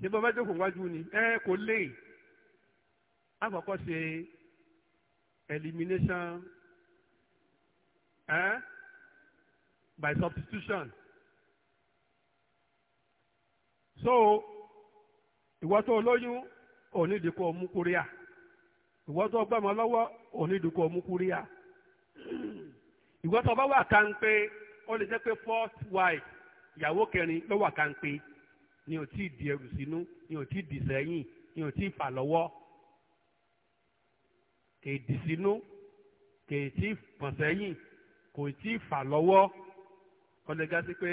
ṣé bọ́ bá jókòó wájú ni ẹ kò lè àkọ́kọ́ ṣe elimination eh? by substitution so ìwọ tó lóyún òní ìdíkọ ọmú kúríà ìwọ tó gbọmọ lọ́wọ́ òní ìdíkọ ọmú kúríà ìwọ tó bá wà kánpé ó lè jẹ́ pé fourth wife ìyàwó kẹrin ló wà kánpé ni ò tí ì di ẹrù sínú ni ò tí ì dì sẹ́yìn ni ò tí ì fà lọ́wọ́ kè é dì sínú kè é tí ì pọ̀n sẹ́yìn kò tí ì fà lọ́wọ́ ọlẹ́gá sí pé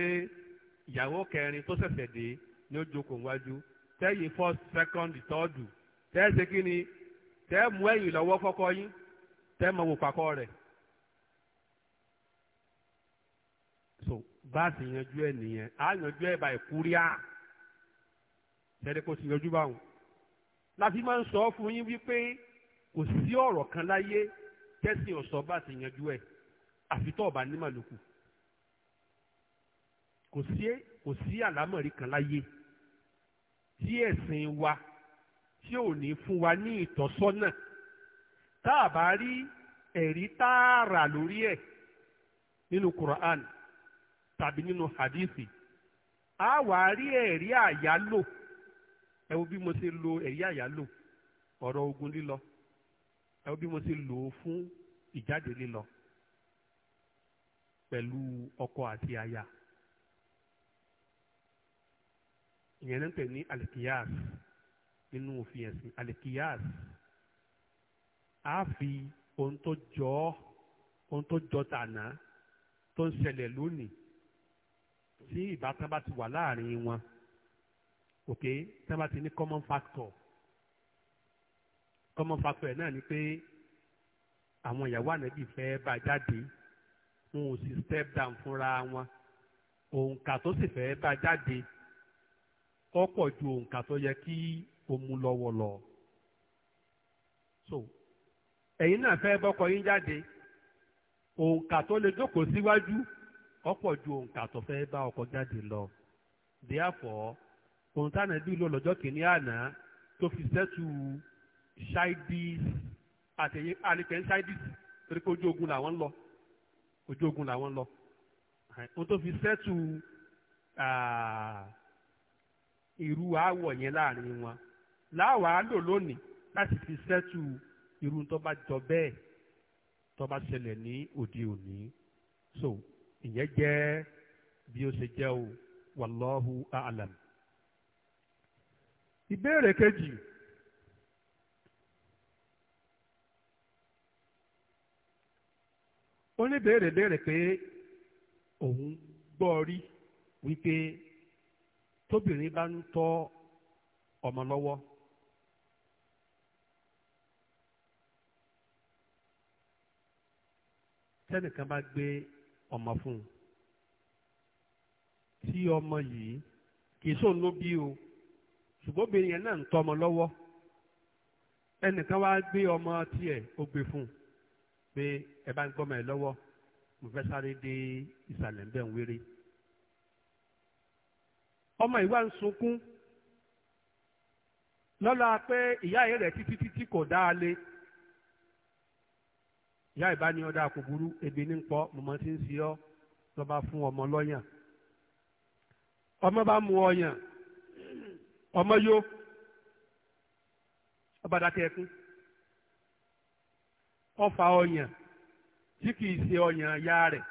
ìyàwó kẹrin tó ṣẹ̀ṣẹ̀ dé ni ó jókòó wájú tẹ́yìn first second third tẹ́ẹ̀ kí ni tẹ́ẹ̀ mú ẹ̀yìn lọ́wọ́ kọ́kọ́ yín tẹ́ẹ̀ mọ wò pàkọ́ rẹ̀. so báàsì yanjú ẹ nìyẹn á yanjú ẹ bá ẹ̀kúríà. E tẹ́lẹ̀ kó ti yọjú báwọn. láti máa ń sọ fún yín wípé kò sí ọ̀rọ̀ kan láyé tẹ́sìn ọ̀sọ́ bá ti yanjú ẹ̀ àfi tó ọ̀bà ní màlúkù. kò sí kò sí àlámọ̀rí kan láyé tí ẹ̀sìn wa tí ò ní fún wa ní ìtọ́sọ́nà tá a bá rí ẹ̀rí tààrà lórí ẹ̀ nínú Quran tàbí nínú hadithi a wàá rí ẹ̀rí àyálò ẹ wo bí mo ṣe lo ẹ̀yà àyálò ọ̀rọ̀ ogun lílọ ẹ wo bí mo ṣe lò ó fún ìjáde lílọ pẹ̀lú ọkọ àti aya ìyẹn ló ń pè ní alikiyas nínú òfin ẹ̀sìn alikiyas a fi ohun tó jọ ọ́ ohun tó jọ tànà tó ń ṣẹlẹ̀ lónìí tí ìbátan bá ti wà láàrin wọn ok tá bá ti ní common factor common factor ẹ̀ náà ni pé àwọn ìyàwó ànábì fẹ́ bá jáde wọn ò sì step down fúnra wọn òǹkà tó sì fẹ́ bá jáde ó pọ̀ ju òǹkà tó yẹ kí o mú lọ́wọ́ lọ. so ẹ̀yin náà fẹ́ bọ́kọ yín jáde òǹkà tó lè jókòó síwájú ó pọ̀ ju òǹkà tó fẹ́ bá ọkọ jáde lọ. therefore ohun táwọn ẹbí lò lọ́jọ́ kìíní àná tó fi sẹ́tù ṣáìdìs àtẹ̀yẹ àlìkẹ́ ṣáìdìs torí pé ojú ogun làwọn ń lọ ojú ogun làwọn ń lọ ohun tó fi sẹ́tù irú àwọ̀ yẹn láàrin wọn láwàá lò lónìí láti fi sẹ́tù irú tó bá jọ bẹ́ẹ̀ tó bá ṣẹlẹ̀ ní òde òní so ìyẹn jẹ́ bí ó ṣe jẹ́ o wallahu a'lam ìbéèrè kejì oníbéèrè léèrè pé òun gbọ́ rí wípé tóbìnrin bá ń tọ́ ọmọ lọ́wọ́ tẹ́nìkan bá gbé ọmọ fún un tí ọmọ yìí kì í sóun ló bí o ṣùgbọ́n obìnrin yẹn náà ń tọ́ ọmọ lọ́wọ́ ẹnìkan wá gbé ọmọ tiẹ̀ ó gbé fún un pé ẹ bá ń gbọ́mọ ẹ lọ́wọ́ mo fẹ́ sáré dé ìsàlẹ̀ ń bẹ̀ ń wéré ọmọ ìwà ń sunkún lọ́la pé ìyá yẹn rẹ̀ títí títí kò dáa lé ìyá ìbá ní ọ̀dà kò burú ebi ní pọ́ mọ̀mọ́ tí ń si ọ́ lọ́ba fún ọmọ lọ́yàn ọmọ bá mu ọyàn ọmọ yó ọba dákẹ́ ẹkún ọfà ọyàn tí kì í ṣe ọyàn ya rẹ̀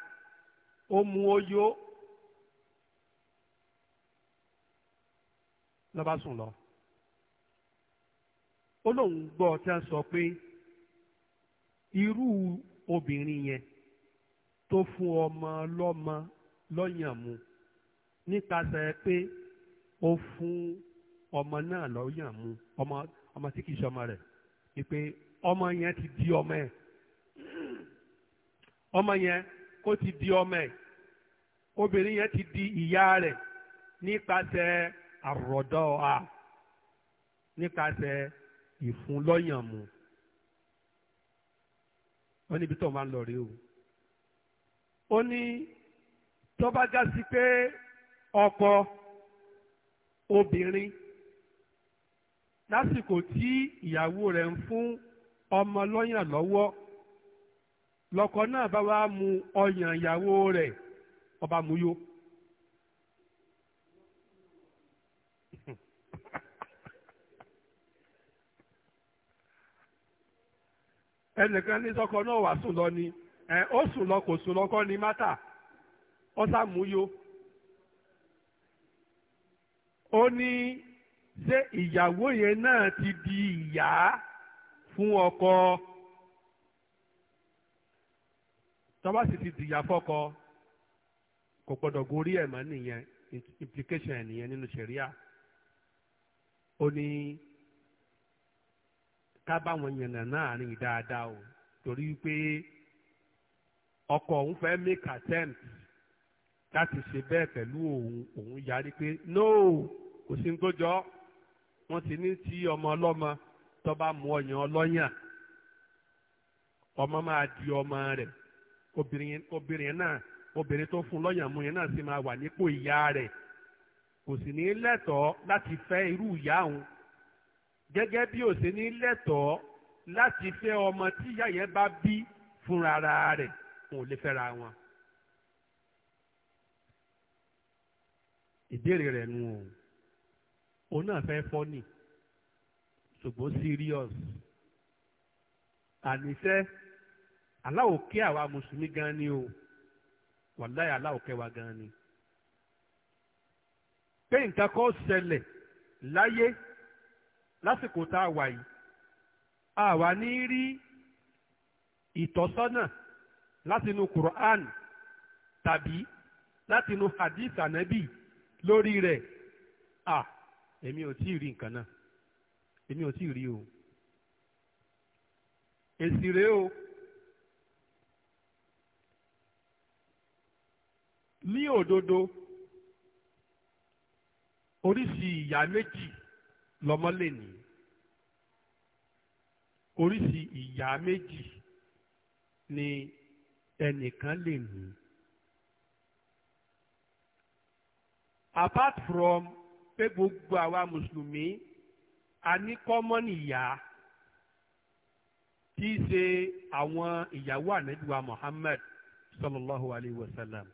ó mú ó yó lọ́ba sùn lọ ó lóun gbọ́ tí a sọ pé irú obìnrin yẹn tó fún ọmọ lọ́mọ lọ́yàn mu nípasẹ̀ pé ó fún ọmọ náà lọ yàn mú ọmọ ọmọ tí kìí ṣọmọ rẹ̀ wípé ọmọ yẹn ti di ọmọ ẹ̀ ọmọ yẹn kó ti di ọmọ ẹ̀ obìnrin yẹn ti di ìyá rẹ̀ nípasẹ̀ àròdọ̀ a nípasẹ̀ ìfúnlọ́yànmù wọ́n níbi tó máa ń lọ rí o ó ní tó bá pé ọkọ obìnrin lásìkò tí ìyàwó rẹ̀ ń fún ọmọ lọ́yàn lọ́wọ́ lọ́kọ náà bá wá mu ọyàn ìyàwó rẹ̀ ọba muyó. ẹnìkan ní sọkọ náà wà sùn lọ ni ẹ ó sùn lọ kò sùn lọ kọ́ ni mátà ọ̀sà muyó. ó ní ṣé ìyàwó yẹn náà ti di ìyá fún ọkọ tọ́wá sì ti dìyà fọ́kọ kò gbọ́dọ̀ gorí ẹ̀ mọ́ nìyẹn implication ẹ̀ nìyẹn nínú ṣẹ̀ríà ó ní ká báwọn yànnà náà rìn dáadáa o torí pé ọkọ òun fẹ́ make attempt láti ṣe bẹ́ẹ̀ pẹ̀lú òun òun yarí pé no kò sí ní tó jọ ọ́. wọ́n ti ní tí ọmọ ọlọ́mọ tó bá mu ọyàn ọlọ́yàn ọmọ máa di ọmọ rẹ̀ obìnrin náà obìnrin tó fún lọ́yàn mu yẹn náà sì máa wà nípò ìyá rẹ̀ kò sì ní lẹ́tọ̀ọ́ láti fẹ́ irú ìyá òun gẹ́gẹ́ bí ò sì ní lẹ́tọ̀ọ́ láti fẹ́ ọmọ tí ìyá yẹn bá bí fúnra rẹ̀ wọn ò lè fẹ́ra wọn. ìbéèrè rẹ̀ nù o. òun náà fẹ́ fọ́nì ṣùgbọ́n serious àníṣe aláwò kí àwa mùsùlùmí gan ni o wàláyé aláwò kẹwàá gan ni pé nǹkan kan ṣẹlẹ̀ láyé lásìkò tá a wà yìí àwa ní rí ìtọ́sọ́nà látinú Quran tàbí látinú hadith anabi lórí rẹ̀ ah èmi ò tí ì rí nǹkan náà èmi ò tí ì rí o èsì rèé o ní òdodo oríṣi ìyá méjì lọmọ lè ní oríṣi ìyá méjì ni ẹnìkan lè ní apart from pé gbogbo àwa mùsùlùmí a ní kọ́mọ́nì ìyá tí í ṣe àwọn ìyàwó ànábìwá Muhammad sallallahu alayhi wa sallam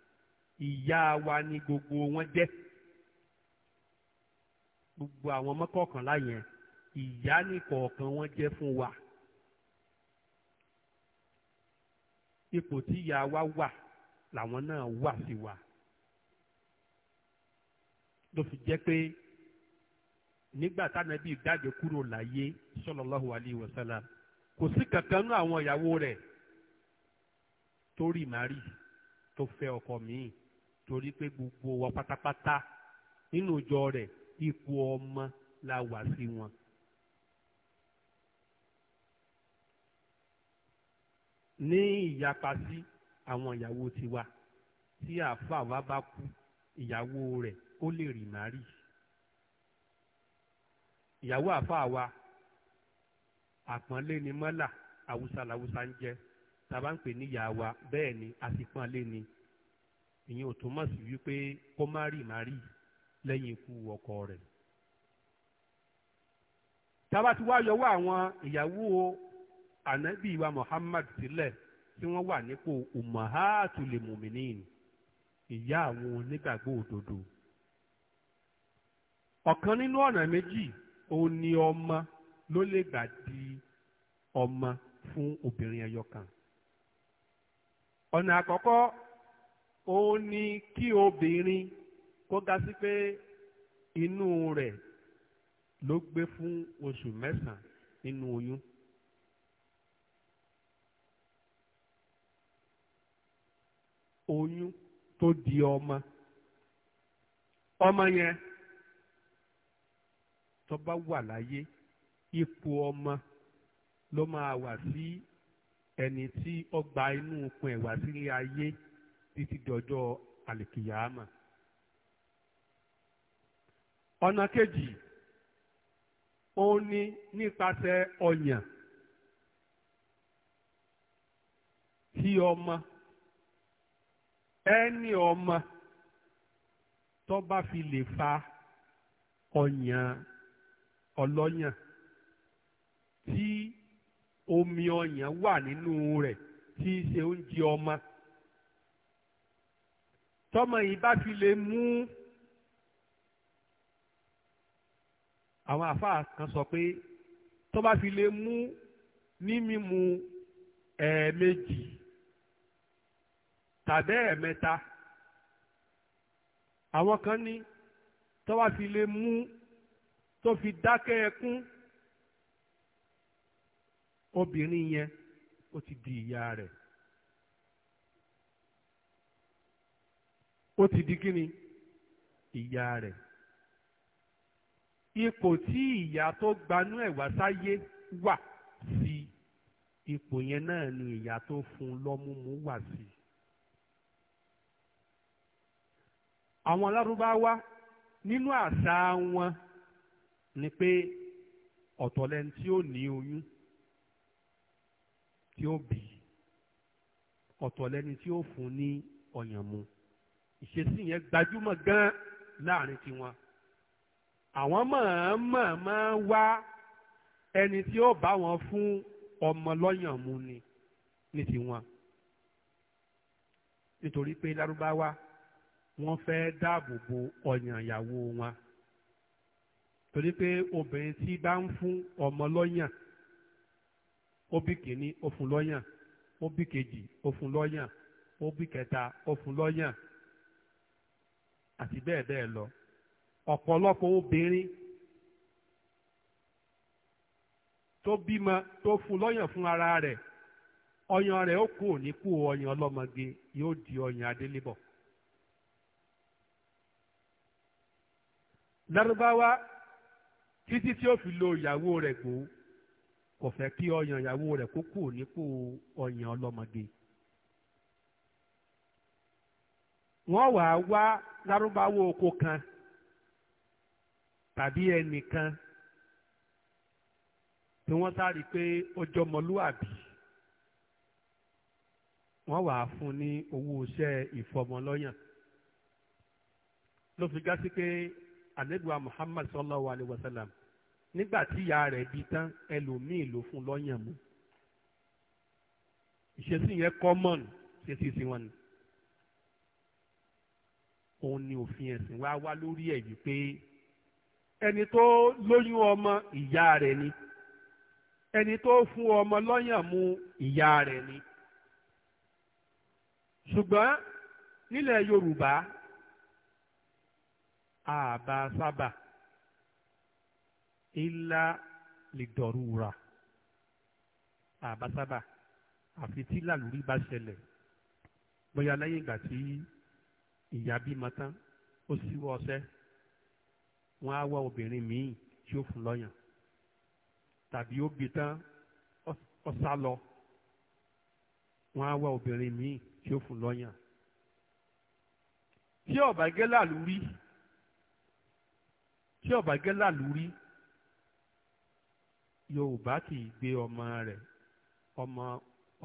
ìyá wa ni gbogbo wọn jẹ́ gbogbo àwọn mọ́kọ̀ọ̀kànlá yẹn ìyá ni kọ̀ọ̀kan wọn jẹ́ fún wa ipò tí ìyá wa wà làwọn náà wà sí wa. Si ló fi jẹ́ pé nígbà tánàbí jáde kúrò láyé sọlọ́láhu alayhi wa sallam kò sí kankan nú àwọn ìyàwó rẹ̀ tó rì tó fẹ́ ọkọ míì torí pé gbogbo wa pátápátá nínú ìjọ rẹ̀ ipò ọmọ la wà sí wọn. ní ìyapa sí àwọn ìyàwó tiwa tí àáfàá wa bá kú ìyàwó rẹ̀ ó lè rì márì ìyàwó àfáà wa àpọ́nlé ni mọ́là awúsá làwúsá ń jẹ́ tàbá ń pè ní ìyá wa bẹ́ẹ̀ ni àsìpọ́nlé ni ìyẹn ò túmọ̀ sí wípé kó má rì márì lẹ́yìn ikú ọkọ rẹ̀ tába ti wá yọwọ́ àwọn ìyàwó ànábì wa Muhammad sílẹ̀ tí wọ́n wà nípò ummahatul mu'minin ìyá àwọn onígbàgbọ́ òdodo ọ̀kan nínú ọ̀nà méjì òun ni ọmọ ló lè gbà di ọmọ fún obìnrin ẹyọ kan ọ̀nà àkọ́kọ́ òun ni kí obìnrin kó ga sí pé inú rẹ̀ ló gbé fún oṣù mẹ́sàn-án nínú oyún oyún tó di ọmọ ọmọ yẹn tó bá wà láyé ipò ọmọ ló máa wà sí ẹni tí ó gba inú okun ẹ̀wà sílé ayé títí dọjọ́ àlìkìyàmà. ọ̀nà kejì òun ni nípasẹ̀ ọ̀yàn tí ọmọ ẹni ọmọ tó fi lè fa ọ̀yàn ọlọ́yàn tí omi ọyàn wà nínú rẹ̀ tí í ṣe oúnjẹ ọmọ tọmọ yìí bá fi lè mú àwọn àfáà kan sọ pé tó bá fi lè mú ní mímu ẹ̀ẹ̀mejì tàbí ẹ̀ẹ̀mẹ́ta àwọn kan ní tó bá fi lè mú tó fi dákẹ́ ẹkún obìnrin yẹn ó ti di ìyá rẹ̀ ó ti di kíni ìyá rẹ̀ ipò tí ìyá tó gbanú ẹ̀ wá sáyé wà sí ipò yẹn náà ni ìyá tó fún lọ́múmú wà sí. àwọn alárúbáwá nínú àṣà wọn ni pé ọ̀tọ̀ lẹni tí ó ní oyún tí ó bì í ọ̀tọ̀ lẹni tí ó fún ní ọ̀yàn mu ìṣesí yẹn gbajúmọ̀ gan láàrin tiwọn àwọn mọ̀ọ́mọ̀ máa ń wá ẹni tí ó bá wọn fún ọmọ lọ́yàn ni ní tiwọn nítorí pé lárúbáwá wọ́n fẹ́ dáàbò bo ọ̀yàn ìyàwó wọn. torí pé obìnrin tí bá ń fún ọmọ lọ́yàn ó bí kìíní ó fún lọ́yàn ó bí kejì ó fún lọ́yàn ó bí kẹta ó fún lọ́yàn àti bẹ́ẹ̀ bẹ́ẹ̀ lọ ọ̀pọ̀lọpọ̀ obìnrin tó bímọ tó fún lọ́yàn fún ara rẹ̀ ọyàn rẹ̀ ó kú òní kú ọyàn ọlọ́mọge yóò di ọyàn adélébọ̀. lárúbáwá títí tí ó fi lo ìyàwó rẹ̀ kó kò fẹ́ kí ọyàn ìyàwó rẹ̀ kó kù nípò ọyàn ọlọ́mọge. wọ́n wàá wá lárúbáwò oko kan tàbí ẹnìkan tí wọ́n sáré pé ọjọ́ mọlúàbí wọ́n wàá fún ní owó iṣẹ́ ìfọmọlọ́yàn ló fi gá sí pé anẹ́gbà Muhammad sallallahu alaihi wa sallam nígbà tí ìyá rẹ̀ bí tán ẹlòmíì ló fún lọ́yàn mu ìṣesí yẹn common ìṣesí sí wọn ni òun ni òfin ẹ̀sìn wa wá lórí ẹ̀ wípé ẹni tó lóyún ọmọ ìyá rẹ̀ ni ẹni tó fún ọmọ lọ́yàn mu ìyá rẹ̀ ni ṣùgbọ́n nílẹ̀ Yorùbá àbá sábà ilá lè dọ̀rúra àbásábà àfi tí làlùrí bá ṣẹlẹ̀ bóyá lẹ́yìn ìgbà tí ìyá bímọ tán ó síwọ́ ọṣẹ́ wọ́n á wá obìnrin míì tí ó fún lọ́yàn tàbí ó bí tán ó sá lọ wọ́n á wá obìnrin míì tí ó fún lọ́yàn tí ọ̀bàgẹ́là lórí tí ọ̀bàgẹ́là lórí yorùbá kì í gbé ọmọ rẹ̀ ọmọ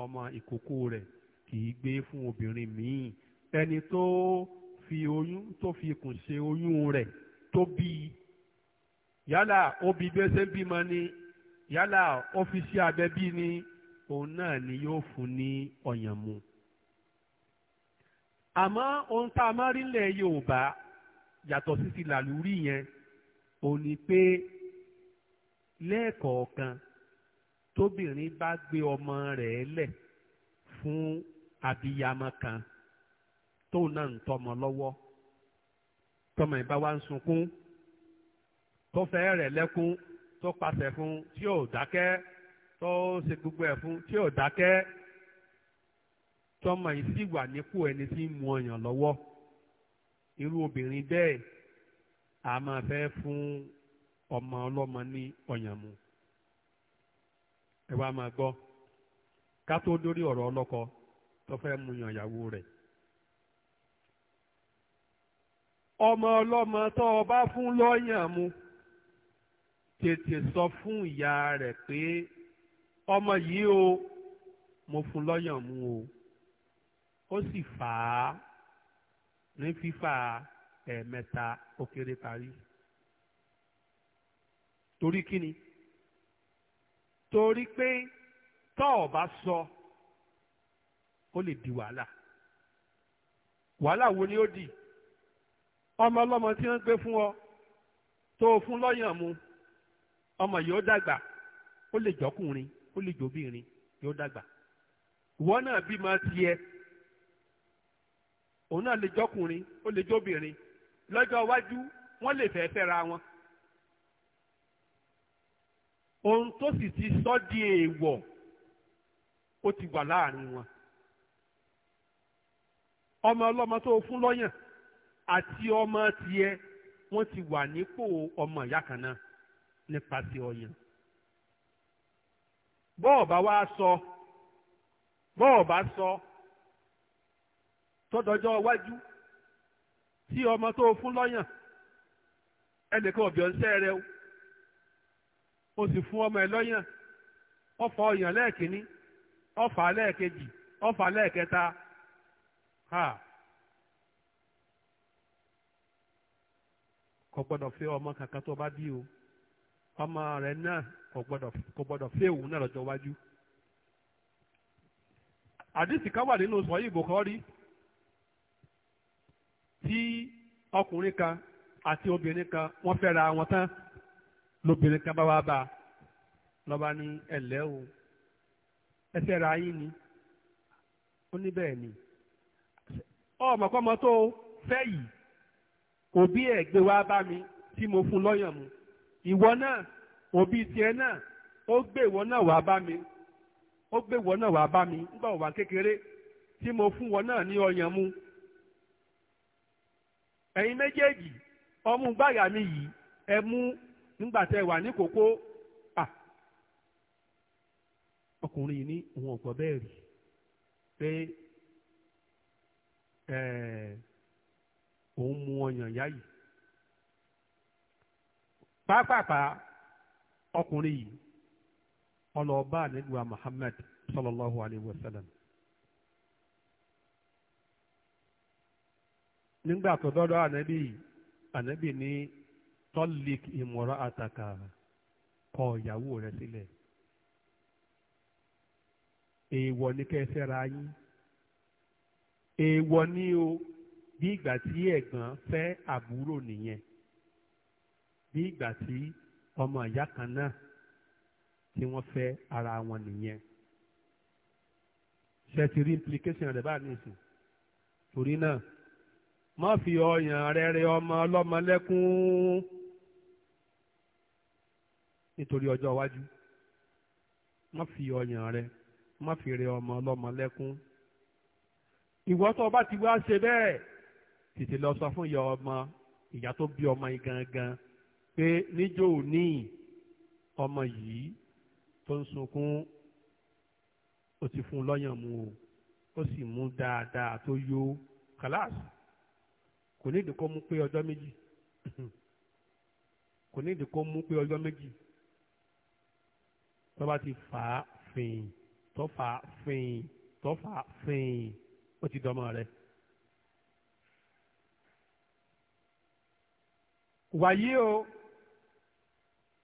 ọmọ ìkókó rẹ̀ kì í gbé fún obìnrin míì ẹni tó fi oyún tó fi ikùn ṣe oyún rẹ̀ tó bí i yálà ó bí bí bímọ ni yálà ó fi ṣe abẹ bí ni òun náà ni yóò fún ní ọyàn mu àmọ́ ohun tá a máa rí nílẹ̀ yorùbá yàtọ̀ sí ti làlúrí yẹn òun ni pé lẹ́ẹ̀kọ̀ọ̀kan tóbìnrin bá gbé ọmọ rẹ̀ lẹ̀ fún abiyamọ kan tóun náà ń tọ́mọ lọ́wọ́ tọ́mọ ìbá wa ń sunkún tó fẹ́ rẹ̀ lẹ́kún tó pàṣẹ fún tí ò dákẹ́ tó ṣe gbogbo ẹ̀ fún tí ò dákẹ́ tọ́mọ yìí sì wà nípò ẹni tí ń mu ọyàn lọ́wọ́ irú obìnrin bẹ́ẹ̀ a máa fẹ́ fún ọmọ ọlọ́mọ ní ọ̀yànmú ẹ wá máa gbọ́ ká tó dórí ọ̀rọ̀ ọlọ́kọ tó fẹ́ mu yàn ìyàwó rẹ̀ ọmọ ọlọ́mọ tó o bá fún lọ́yànmú tètè sọ fún ìyá rẹ̀ pé ọmọ yìí o mo fún lọ́yànmú o ó sì fà á ní fífà ẹ̀ẹ̀mẹta ó kéré parí torí kíni torí pé tọ́ ọ bá sọ ó lè di wàhálà wàhálà wo ni ó di ọmọ ọlọ́mọ tí wọ́n gbé fún ọ tó o fún lọ́yàn mu ọmọ yìí ó dàgbà ó lè jọkùnrin ó lè jòbìnrin yóò dàgbà ìwọ náà bímọ tiẹ̀ òun náà lè jọkùnrin ó lè jòbìnrin lọ́jọ́ iwájú wọ́n lè fẹ́ fẹ́ra wọn ohun tó sì ti sọ di èèwọ̀ ó ti wà láàrin wọn ọmọ ọlọ́mọ tó fún lọ́yàn àti ọmọ tiẹ̀ wọ́n ti wà nípò ọmọ ìyá kan náà nípasẹ̀ ọyàn bọ́ọ̀bá wa sọ bọ́ọ̀bá sọ tọ́dọjọ́ iwájú tí ọmọ tó fún lọ́yàn ẹnìkan ọ̀bíọ̀nsẹ́ rẹ o o sì fún ọmọ ẹ lọ́yàn ọfọ ọyàn lẹ́ẹ̀kínní ọfà lẹ́ẹ̀kejì ọfà lẹ́ẹ̀kẹta ha kò gbọ́dọ̀ fẹ́ ọmọ kankan tó bá bí o ọmọ rẹ náà kò gbọ́dọ̀ fẹ́ òun náà lọ́jọ́ iwájú àdìsí kan wà nínú sọ̀yìn ìbòkọ́rí tí ọkùnrin kan àti obìnrin kan wọ́n fẹ́ra wọn tán. lóbìnrin kan bá wá bá a lọ́ba ní ẹ̀lẹ́ o ẹsẹ̀ ra yín ni ó ní bẹ́ẹ̀ ni tó fẹ́ yìí òbí ẹ̀ gbé wá bá mi tí mo fún lọ́yàn mu ìwọ náà òbí tiẹ̀ náà ó gbé ìwọ náà mi ó gbé ìwọ náà wá bá mi nígbà wà kékeré tí mo fún wọn náà ní ọyàn mu ẹ̀yin méjèèjì ọmú gbàyà mi nígbà tẹ wà ní kókó à ọkùnrin yìí ní òun ọ̀gbọ́ bẹ́ẹ̀ rí pé òun mu ọyàn yá yìí pápápá ọkùnrin yìí ọlọ́ọ̀bá Muhammad sallallahu alayhi wa sallam. nígbà tó ànábì ànábì tọ́lík ìmọ̀ràn àtàkà kọ ìyàwó rẹ sílẹ̀ èèwọ̀ ní kẹ́ ẹ yín èèwọ̀ ní o bí ìgbà tí ẹ̀gbọ́n fẹ́ àbúrò nìyẹn bí ìgbà tí ọmọ ìyá kan náà tí wọ́n fẹ́ ara wọn nìyẹn implication rẹ̀ torí náà má fi ọyàn rẹ̀ rẹ̀ ọmọ ọlọ́mọ nítorí ọjọ́ iwájú má fi ọyàn rẹ má fi rẹ ọmọ ọlọ́mọ lẹ́kún ìwọ tó bá ti wá ṣe bẹ́ẹ̀ tètè lọ sọ fún ìyá ọmọ ìyá tó bí ọmọ yìí gangan pé níjọ́ òní ọmọ yìí tó ń sunkún ó ti fún un lọ́yàn mu o ó sì mú dáadáa tó yó kàláàsì kò ní ìdíkọ́ mú pé ọjọ́ méjì kò ní ìdíkọ́ mú pé ọjọ́ méjì tó bá ti fà á fìn tó fìn tó fìn ó ti dọmọ rẹ. wàyí o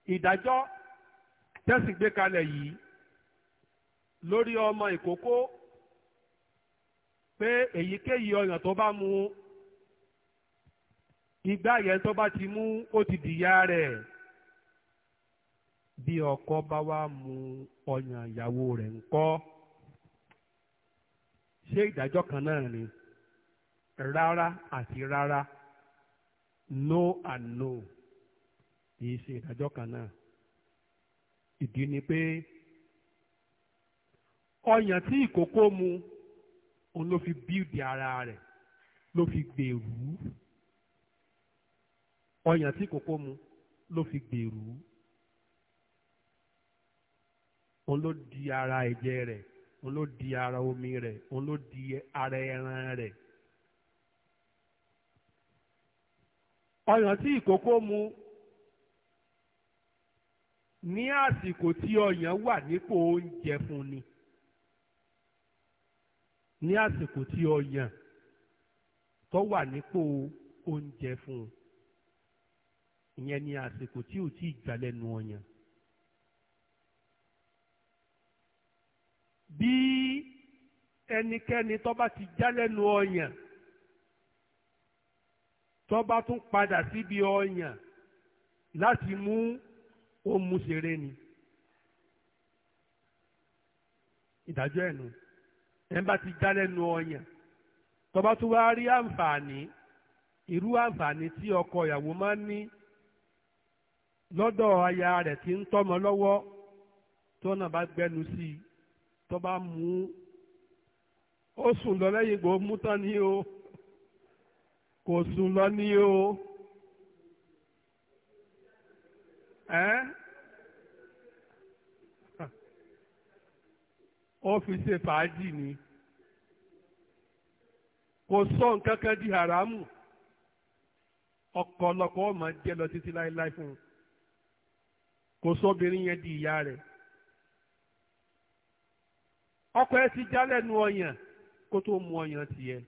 ìdájọ́ tẹ́sí gbé kalẹ̀ yìí lórí ọmọ ìkókó pé èyíkéyìí ọyàn tó bá mu igbá yẹn tó bá ti mú ó ti dìyà rẹ̀. bí ọkọ bá wá mu ọyàn ìyàwó rẹ̀ ńkọ ṣé ìdájọ́ kan náà ni rárá àti rárá no and no kìí ṣe ìdájọ́ kan náà ìdí ni pé ọyàn tí ìkókó mu òun ló fi bíìdì ara rẹ̀ ló fi gbèrú ọyàn tí ìkókó mu ló fi gbèrú. òun ló di ara ẹ̀jẹ̀ rẹ̀ òun ló di ara omi rẹ̀ òun ló di ara ẹran rẹ̀. ọyàn tí ìkókó mu ní àsìkò tí ọyàn wà nípò oúnjẹ fún ni ní àsìkò tí ọyàn tó wà nípò oúnjẹ fún un ìyẹn ni àsìkò tí ò tí ì gbà lẹ́nu ọyàn bí ẹnikẹ́ni tó ti já lẹ́nu ọyàn tó tún padà síbi ọyàn láti mú òmù ṣeré ni ìdájọ́ ẹ̀nu ẹ̀ bá ti já lẹ́nu ọyàn tó tún wá rí àǹfààní irú àǹfààní tí ọkọ ìyàwó máa ń ní lọ́dọ̀ aya rẹ̀ tí ń tọ́mọ lọ́wọ́ tó náà bá gbẹ́nu sí i tó bá mú ó sùn lọ lẹ́yìn ìgbò mú tán o kò sùn lọ ní o ẹ́ ó fi ṣe fàájì ni kò sọ nǹkan kan di haramu ọkọ ọlọkọ ọmọ jẹ lọ títí láéláé fún un kò sọ obìnrin yẹn di ìyá rẹ. Ọkọ ẹ ti já lẹ́nu ọyàn kó tó mu ọyàn tiẹ̀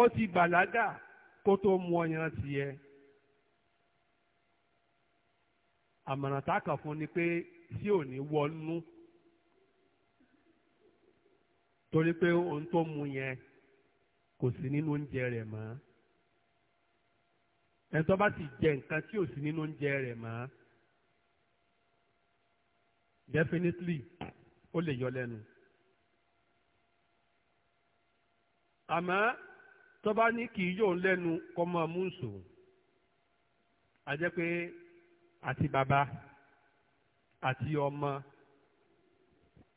ó ti bàlágà kó tó mu ọyàn tiẹ̀ àmọ̀ràn tá a kàn fún ni pé ò ní wọnú torí pé ohun tó mu yẹn kò sí nínú oúnjẹ ti jẹ nǹkan tí ò sí nínú oúnjẹ rẹ̀ definitely ó lè yọ lẹ́nu. àmọ́ tó bá ní kì í yóò lẹ́nu kọ́ mọ́ múùsù a jẹ́ pé àti bàbá àti ọmọ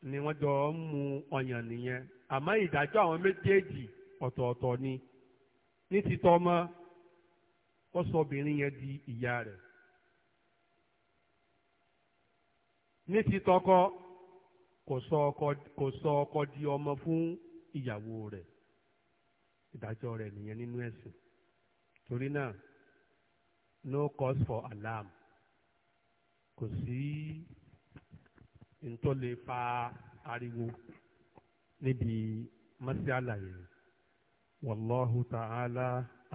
ni wọ́n jọ ń mu ọyàn nìyẹn àmọ́ ìdájọ́ àwọn méjèèjì ọ̀tọ̀ọ̀tọ̀ ni ní ti tọ́ ọmọ ó sọ obìnrin yẹn di ìyá rẹ̀. ní ti tọkọ kò sọ ọkọ kò sọ re di ọmọ fún ìyàwó rẹ̀ ìdájọ́ rẹ̀ nìyẹn nínú torí náà no cause for alarm kò sí ntọ́ lè fa ariwo níbi masiala yẹn wallahu ta'ala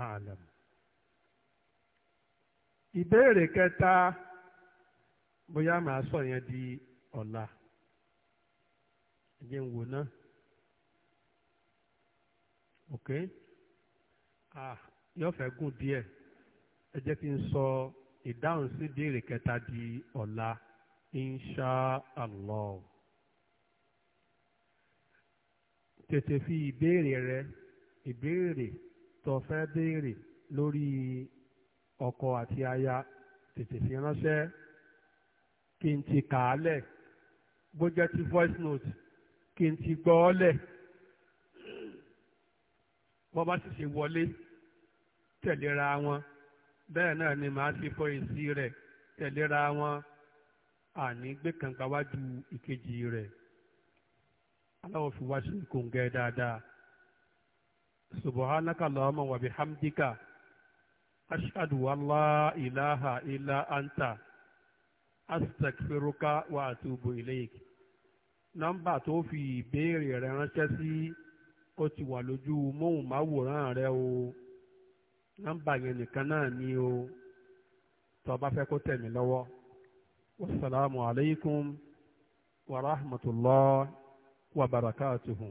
a'lam. ìbéèrè kẹta. bóyá màá sọ yẹn di ọ̀la ẹ̀jẹ̀ ń wò náà ok ah yóò fẹ́ gùn díẹ̀ ẹ ti ń sọ ìdáhùn sí ìbéèrè kẹta di ọ̀la insha allah tètè fi ìbéèrè rẹ ìbéèrè tó fẹ́ béèrè lórí ọkọ àti aya tètè fi ránṣẹ́. kí n ti kà á lẹ̀ bó jẹ́ ti voice note kí n ti gbọ́ ọ lẹ̀ wọ́n bá sì ṣe wọlé tẹ̀léra wọn bẹ́ẹ̀ náà ni màá fi fọ èsì rẹ̀ tẹ̀léra wọn àní gbé kànga wájú ìkejì rẹ̀ aláwọ̀ fi wá sí kòǹgẹ́ dáadáa subhanaka allahumma wa bihamdika ashhadu an la ilaha illa anta. astagfiruka wa atubu ilayk nọ́mbà tó fi ìbéèrè rẹ ránṣẹ́ sí ó ti wà lójú móhùnmáwòrán rẹ o nọ́mbà yẹn nìkan náà ni o tó o bá fẹ́ kó tẹ̀ lọ́wọ́ wasalaamualeykum wa rahmatulah wa barakatuhu.